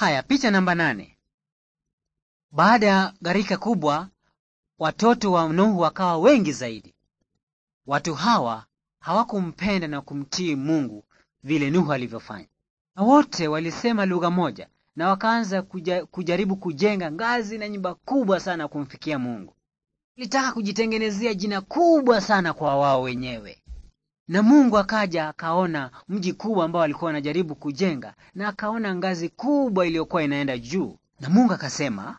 Haya, picha namba nane. Baada ya gharika kubwa, watoto wa Nuhu wakawa wengi zaidi. Watu hawa hawakumpenda na kumtii Mungu vile Nuhu alivyofanya, na wote walisema lugha moja na wakaanza kuja, kujaribu kujenga ngazi na nyumba kubwa sana kumfikia Mungu. Walitaka kujitengenezea jina kubwa sana kwa wao wenyewe. Na Mungu akaja akaona mji kubwa ambao alikuwa wanajaribu kujenga na akaona ngazi kubwa iliyokuwa inaenda juu. Na Mungu akasema,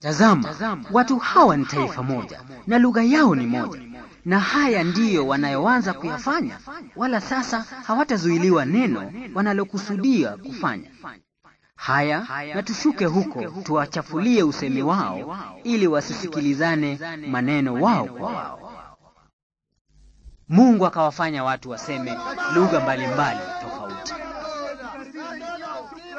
tazama, tazama watu hawa ni taifa moja na lugha yao ni moja, na haya ndiyo wanayoanza kuyafanya, wala sasa hawatazuiliwa neno wanalokusudia kufanya. Haya, na tushuke huko tuwachafulie usemi wao, ili wasisikilizane maneno wao kwa wao. Mungu akawafanya watu waseme lugha mbalimbali tofauti,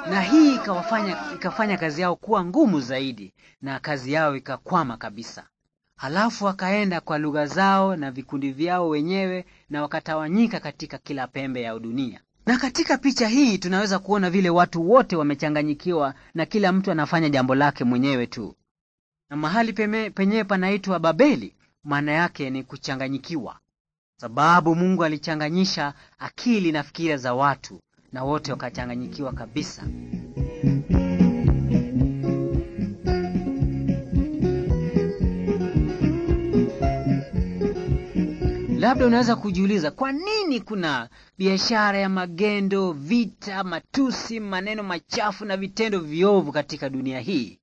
na hii ikawafanya ikafanya kazi yao kuwa ngumu zaidi, na kazi yao ikakwama kabisa. Halafu wakaenda kwa lugha zao na vikundi vyao wenyewe, na wakatawanyika katika kila pembe ya dunia. Na katika picha hii tunaweza kuona vile watu wote wamechanganyikiwa na kila mtu anafanya jambo lake mwenyewe tu, na mahali penyewe panaitwa Babeli, maana yake ni kuchanganyikiwa sababu Mungu alichanganyisha akili na fikira za watu na wote wakachanganyikiwa kabisa. Labda unaweza kujiuliza kwa nini kuna biashara ya magendo, vita, matusi, maneno machafu na vitendo viovu katika dunia hii?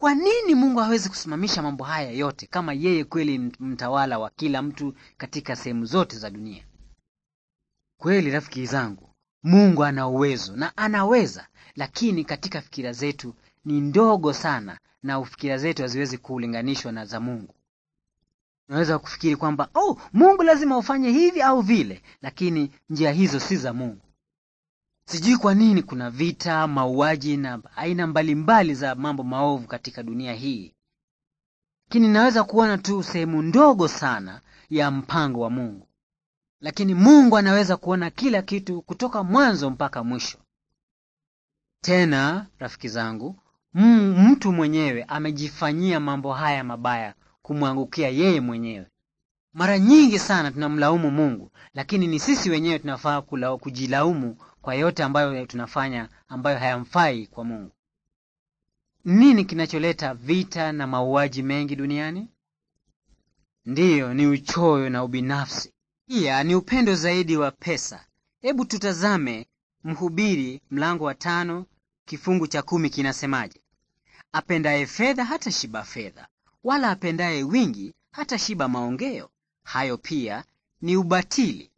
Kwa nini Mungu hawezi kusimamisha mambo haya yote kama yeye kweli mtawala wa kila mtu katika sehemu zote za dunia? Kweli rafiki zangu, Mungu ana uwezo na anaweza, lakini katika fikira zetu ni ndogo sana, na fikira zetu haziwezi kulinganishwa na za Mungu. Unaweza kufikiri kwamba oh, Mungu lazima ufanye hivi au vile, lakini njia hizo si za Mungu. Sijui kwa nini kuna vita, mauaji na aina mbalimbali za mambo maovu katika dunia hii, lakini naweza kuona tu sehemu ndogo sana ya mpango wa Mungu. Lakini Mungu anaweza kuona kila kitu kutoka mwanzo mpaka mwisho. Tena rafiki zangu, mtu mwenyewe amejifanyia mambo haya mabaya kumwangukia yeye mwenyewe. Mara nyingi sana tunamlaumu Mungu, lakini ni sisi wenyewe tunafaa kujilaumu kwa yote ambayo tunafanya ambayo hayamfai kwa Mungu. Nini kinacholeta vita na mauaji mengi duniani? Ndiyo, ni uchoyo na ubinafsi, pia ni upendo zaidi wa pesa. Hebu tutazame Mhubiri mlango wa tano kifungu cha kumi kinasemaje? Apendaye fedha hata shiba fedha, wala apendaye wingi hata shiba maongeo. Hayo pia ni ubatili.